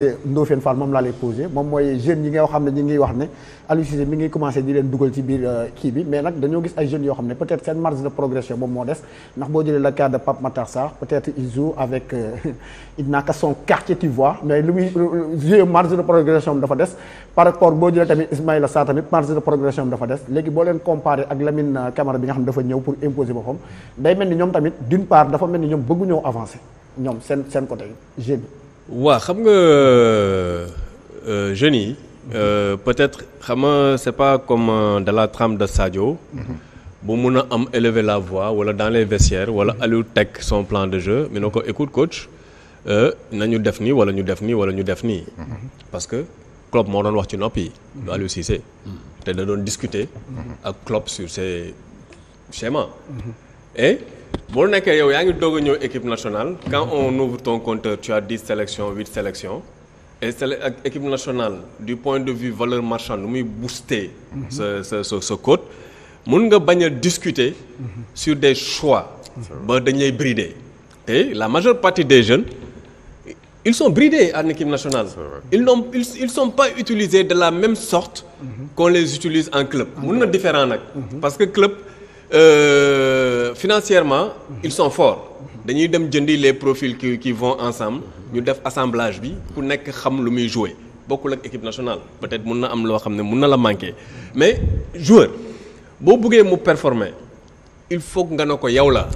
Ndofène Fall moom laa lay posé moom mooy jeunes yi nga xam ne ñi ngi wax ne Aliou Cissé mi ngi commencé di leen dugal ci biir euh, kii bi mais nag dañoo gis ay jeunes yoo xam ne peut-être seen marge de progression moom moo des ndax boo jëlee le cas de Pape Matar peut-être il joue avec euh, n'a que son quartier tu mais lu muy joué marge de progression dafa des par rapport boo jëlee tamit Ismaïla Sarr tamit marge de progression dafa des léegi boo leen comparé ak Lamine euh, Camara bi nga xam ne dafa ñëw pour imposer boppam day mel ni ñoom tamit d'une part dafa waa xam nga euh, euh, jeunes yi. Euh, peut-être xam nga c'est pas comme de la trame de Sadio. Mm-hmm. bu mun a am élever la voix wala dans les vestiaires wala mm-hmm. Aliou teg son plan de jeu mi ne ko écoute coach nañu def nii wala ñu def nii wala ñu def nii. Mm-hmm. parce que Klopp moo doon wax ci nopp yi. du Aliou te da doon discuter. ak Klopp sur ses schémas. et boo nekkee yow yaa ngi doog a ñëw équipe nationale quand on ouvre ton compteur tu as dix sélections huit sélections et ak équipe nationale du point de vue valeur marchande lu muy booster. sa sa sa sa mun nga bañ a discuter sur des choix ba dañ lay brider te la majeure partie des jeunes ils sont bridés en équipe nationale ils n'ont ils, ils sont pas utilisés de la même sorte qu'on les utilise en club mun na différent nag mhm. parce que club euh, financièrement ils sont forts dañuy dem jëndi les profils qui qui vont ensemble ñu def assemblage bi ku nekk xam lu muy jouer bokkul ak équipe nationale peut-être mun na am loo xam ne mun na la manquer mais joueur boo buggee mu performer il faut nga ne ko yow la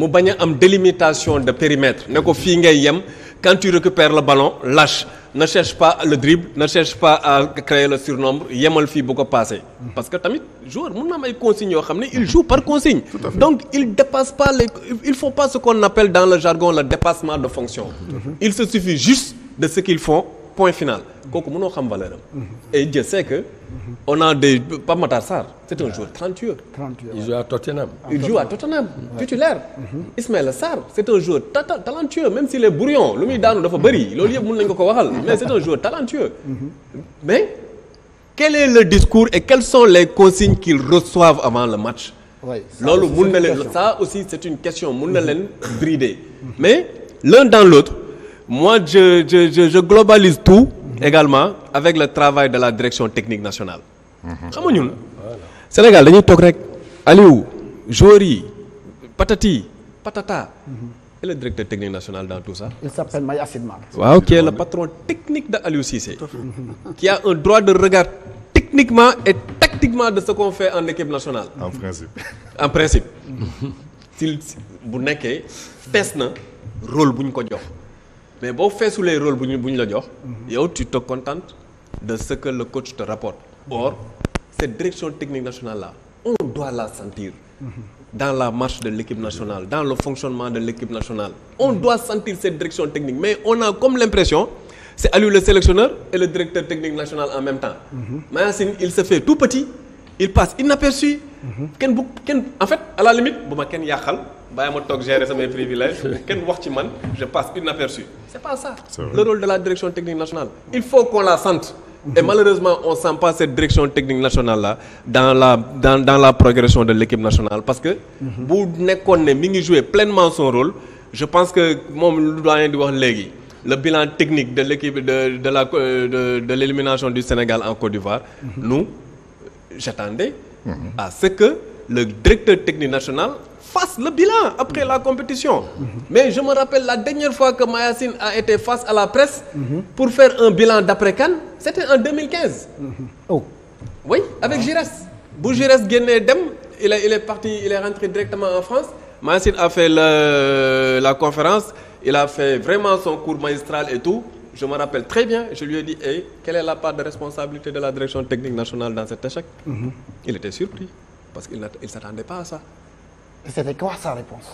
mu bañ am délimitation de périmètre ne ko fii ngay yem quand tu récupères le ballon lache ne cherche pas le dribble ne cherche pas à créer le surnombre yemal fii bu ko passé. parce que tamit joueur mun na am ay consignes yoo xam ne il joue par consigne. donc il dépasse pas les il faut pas ce qu'on appelle dans le jargon le dépassement de fonction. il se suffit juste de ce qu'ils font. point final kooku mënoo xam valeur am. et Dieu sait que on a des Pape Matar Sarr c'est un joueur talentueux. talentueux il joue à il joue à Tottenham titulaire. Ismaïla Sarr c'est un joueur talentueux même s'il est brouillon lu muy daanu dafa bëri loolu yëpp mën nañu ko waxal mais c'est un joueur talentueux. mais quel est le discours et quelles sont les consignes qu'ils reçoivent avant le match. loolu mun na leen ça aussi c'est une question mun na leen brider moi je je je je globalise tout. Mmh. également avec le travail de la direction technique nationale. Mhm. xam nga ñun Sénégal dañuy toog rek Aliou joueurs yi patati patata. Mhm. et le directeur technique national dans tout ça. il s'appelle Mayacine Mar. waaw qui est le patron technique de Aliou Cissé. qui a un droit de regard techniquement et tactiquement de ce qu'on fait en équipe nationale. en principe. en principe. si bu nekkee fees na rôle bu ñu ko jox. mais boo feesulee rôle bu ñu bu ñu la jox. yow tu te de ce que le coach te rapporte. or cette direction technique nationale là on doit la sentir. dans la marche de l'équipe nationale dans le fonctionnement de l'équipe nationale. on doit sentir cette direction technique mais on a comme l'impression c'est Aliou le sélectionneur et le directeur technique national en même temps. Mayacine il se fait tout petit il passe inaperçu. kenn bu kenn en fait à la bu ma kenn yàqal. bàyyi ma toog gérer samay privilèges kenn wax ci man je passe inaperçu c'est pas ça le rôle de la direction technique nationale il faut qu'on la sente et malheureusement on sent pas cette direction technique nationale la dans dans la progression de l'équipe nationale parce que bu nekkoon ne mi ngi jouer pleinement son rôle je pense que moom lu doyen di wax léegi le bilan technique de l'équipe de de euh, de de l'élimination du Sénégal en Côte d'Ivoire mhm. nous j'attendais à ce que le directeur technique national fasse le bilan après la compétition. mais je me rappelle la dernière fois que Mayacine a été face à la presse. pour faire un bilan d'après CAN c'était en 2015. oh oui avec Giresse bu Giresse génnee dem il est parti il est rentré directement en France Mayacine a fait la conférence il a fait vraiment son cours magistral et tout. je me rappelle très bien je lui ai dit quelle est la part de responsabilité de la direction technique nationale dans cet échec. Mm -hmm. il était surpris C'était quoi sa réponse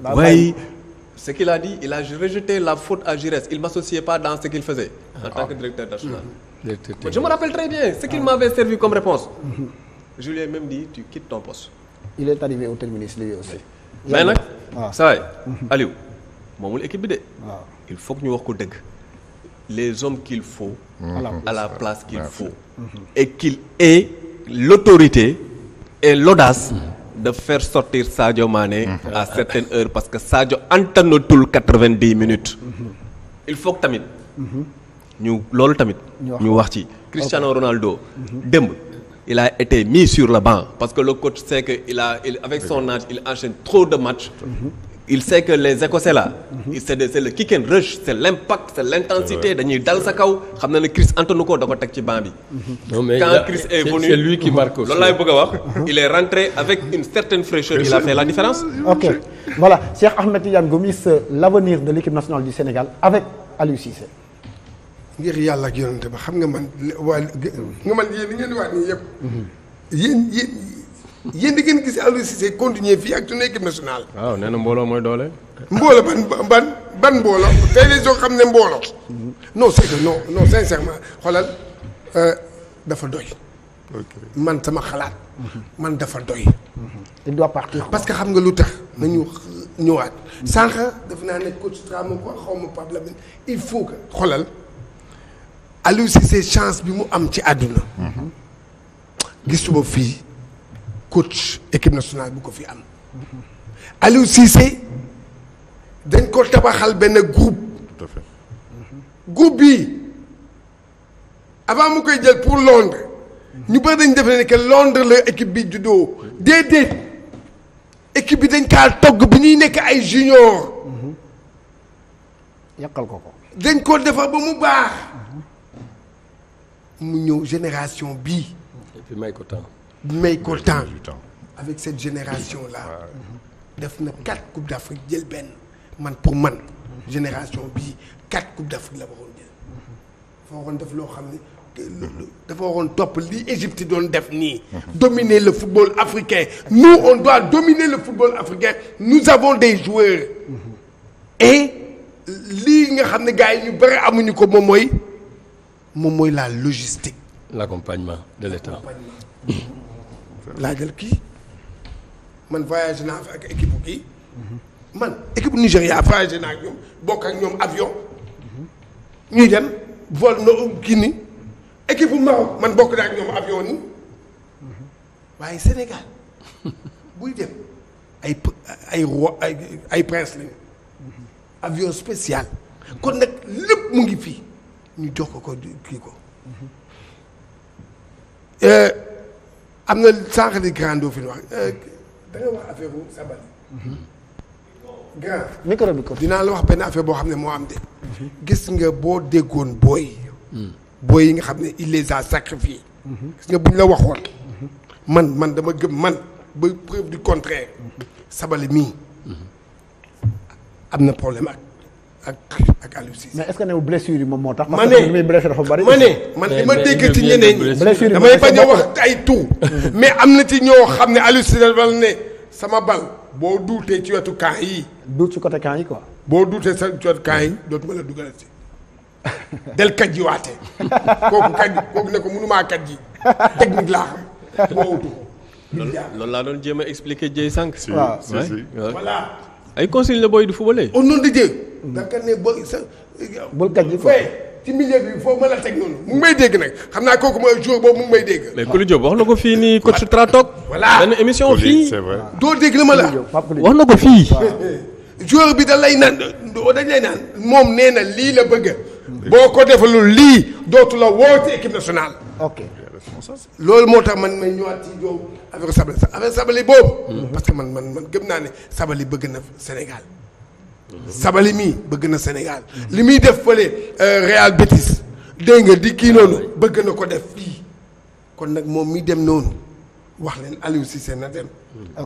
bah, Oui, bah, ce qu'il a dit, il a rejeté la faute à Giresse. Il ne m'associait pas dans ce qu'il faisait en ah. tant que directeur national. Ah. Je me rappelle très bien ce qu'il ah. m'avait servi comme réponse. Mmh. même dit, tu quittes ton poste. Il est arrivé au terminus lui aussi. mais nag saa ah. waay Aliou moomul équipe bi il faut que ñu wax ko dëgg. les hommes qu'il faut. à la place qu'il faut. et qu'il ait l'autorité et l'audace de faire sortir Sadio Mané mm-hmm. à heures parce que Sadio antanatul quatre-vingt-dix minutes mm-hmm. il faut que tamit mm-hmm. ñu loolu tamit ñu wax ci Cristiano Ronaldo démb il a été mis sur le banc parce que le coach sait que il a il, avec son il enchaîne trop de matchs il sait que les écossais là. c'est mhm. de c'est le kick l'impact c'est l'intensité dañuy dal sa kaw xam ne Chris Antonu da ko teg ci banc bi. Mhm. Mhm. loolu laay bëgg a wax. il est rentré avec une certaine fraîcheur il a fait la différence. ok voilà Cheikh Ahmed Tidiane Gomis euh, l'avenir de l'équipe nationale du Sénégal avec Aliou Cissé. ngir yàlla ak ba xam nga man waa nga man li ngeen di nii yëpp. yéen di ngeen gis Aliou Cissé continuer fii ak suñu équipe nationale. waaw nee na mbooloo mooy doole. mbooloo ban ban ban mbooloo tey les gens xam ne mbooloo. non c'est que non non sincèrement xoolal euh, dafa doy. man sama xalaat. man dafa doy. il doit partir parce que xam nga lu tax nañu ñëwaat. sànq def naa ne coach Tramo ko xaw ma Pape Lamine il faut que xoolal Aliou Cissé chance bi mu am ci àdduna. Mhm. gisuma fii. coach équipe nationale bu ko fi am Aliou Cissé dañ koo tabaxal benn groupe tout bi avant mu koy jël pour Londres ñu bëri dañ defe ne que Londres la équipe bi juddoo déedéet équipe bi dañ kaa togg bi ñuy nekk ay junior yàqal ko ko dañ koo defar ba mu baax mu ñëw génération bii. may ko temps avec cette génération la mm-hmm. def na quatre coupes d'Afrique jël benn man pour man mm-hmm. génération bi quatre coupes d'Afrique la waroon jël mm-hmm. dafa waroon def loo xam ne dafa waroon topp li Égypte doon def nii dominer la football africain nous on doit dominer le football africain nous avons des et lii nga xam ne gars yi ñu bëri amuñu ko moom mooy moom mooy la logistique l'accompagnement de l'État laajal kii man voyagé naa fa ak équipe kii man équipe Nigéria voyagé naa ak ñoom bokk ak ñoom avion ñuy dem vol na um Guinée équipe bu Maroc man bokk naa ak ñoom avion nii waaye Sénégal buy dem ay ay roi ay ay avion spécial kon nag lépp mu ngi fii ñu jox ko ko kii ko. Eh, am na sànq di grand doo fi wax euh, da wax affaire bu grand micro bi ko dinaa la wax benn affaire boo xam ne moo am de. gis nga boo déggoon booy. booy yi nga xam ne il les a sacrifiés. gis nga buñ la waxoon. man man dama gëm man ba preuve du contraire. Sabaly mii. am na problème ak. ak ak Aliou mais est-ce blessure yi moom moo tax. parce que muy blessure dafa bari. ma ne man li ma dégg ci ñeneen ñi. damay bañ a wax ay tout. mais am na ci ñoo xam ne Aliou Cissé dafa ne sama bal boo duutee ci wetu camp yi. duut ci côté camp yi quoi. boo duutee sa ci wetu camp yi dootuma la ci. del kaj ji waate kooku kaj kooku ne ko mënumaa kaj ji technique laa xam moo wutu ko. loolu laa doon jéem a expliquer Dieye sànq. si si voilà. ay consigne la booy du footballeur. au da nga ne ba sa. bul gàcce ko ci milieu a teg noonu mu ngi may dégg nag xam naa kooku mooy jour boobu mu ngi may dégg. mais Kouly Diop wax na ko fii nii coach Tratok. voilà benn émission fii c'est vrai. doo dégg la ma la wax na ko fii. joueur bi da lay naan dañ lay naan moom nee na lii la bëgg boo ko defalul lii dootu la woo ci équipe nationale. loolu moo tax man may ñëwaat ci yow affaire Sabaly affaire Sabaly boobu. Mhm. parce que man man gëm naa ne sabali bëgg na Sénégal. Sabali mii bëgg na Sénégal. li muy def fële euh, Real Betis dégg nga di kii noonu bëgg na ko def fii kon nag moom muy dem noonu wax leen Aliou Cissé na dem.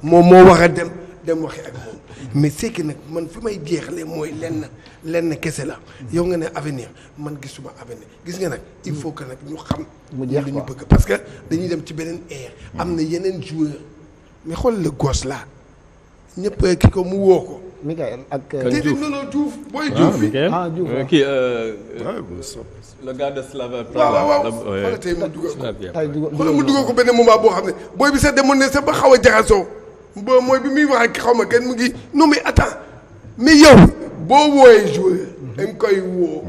moom moo war a dem dem waxi ak moom. mais c'est nag man fi may jeexalee mooy lenn lenn kese la. yow nga ne avenir man gisuma avenir gis nga nag. il faut que nag ñu xam. mu jeex li ñu bëgg parce que dañuy dem ci beneen air. am na yeneen joueur mais xool la gos laa ñëpp ki ko mu woo ko. Michael ak. Euh, Diouf non non Diouf booy Diouf ah Diouf kii. Ah, euh, euh, le gars de Slava. waaw waaw waaw tey mu dugal ko xoolal mu boo xam ne booy bi sax demoon ne sax ba xaw a jaxasoo mooy bi muy wax ak ma kenn mu ngi non mais attends mais yow boo wooyee koy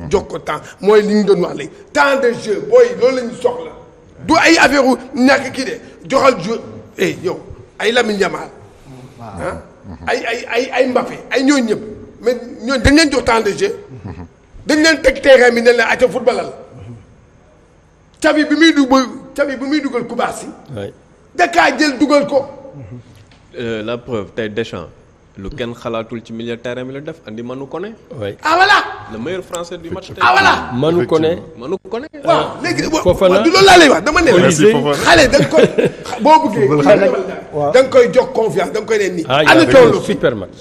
jox ko temps mooy li ñu doon wax léegi de booy loolu la ñu du ay affaire ñàkk kii de joxal jeu eh yow ay Lamine Yamal. ah ay ay ay ay ay ñooñu ñëpp mais ñooñu dañ leen jox temps de jeu dañ leen teg terrain bi ne leen acca footballal Xavi bi muy dugal Xavi bi muy dugal Kubasi. waay dakaa jël dugal ko. Euh, la preuve tey Deschamps lu kenn xalaatul ci milieu terrain bi la def indi Manu Koné. waay ah voilà. la meilleur français du match tey. ah voilà Manu Koné. Manu Koné. waaw léegi du loolu laa lay wax dama ne la. xale dañ ko boo buggee. da nga koy jox confiance da nga koy ne nii. Ah, ana joolo fi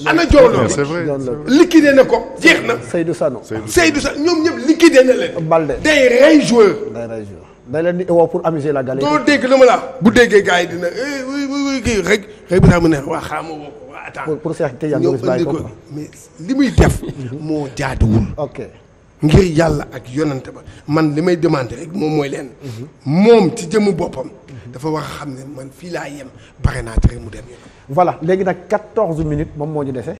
ana joolo bi. liquidé ne ko jeex na. Seydou Sano Seydou Sano ñoom ñëpp liquidé na leen. Balde day rey joueur. day rey joueur day leen di woo pour amuser la galerie. doo dégg lu la bu déggee gars yi dina eh, kii rek rek bi daa mu ne waa xaaral ma ko waa attends. pour Cheikh Tidiane Gomis bàyyi ko mais li muy def. Mhm. moo jaaduwul. ok ngir yàlla ak yonante ba man li may demandé rek moom mooy leen. Mhm. moom ci jëmu boppam. dafa wax a xam ne man fii laa yem pare naa tere mu dem yoonam. voilà léegi nag 14 minutes moom moo ñu dese.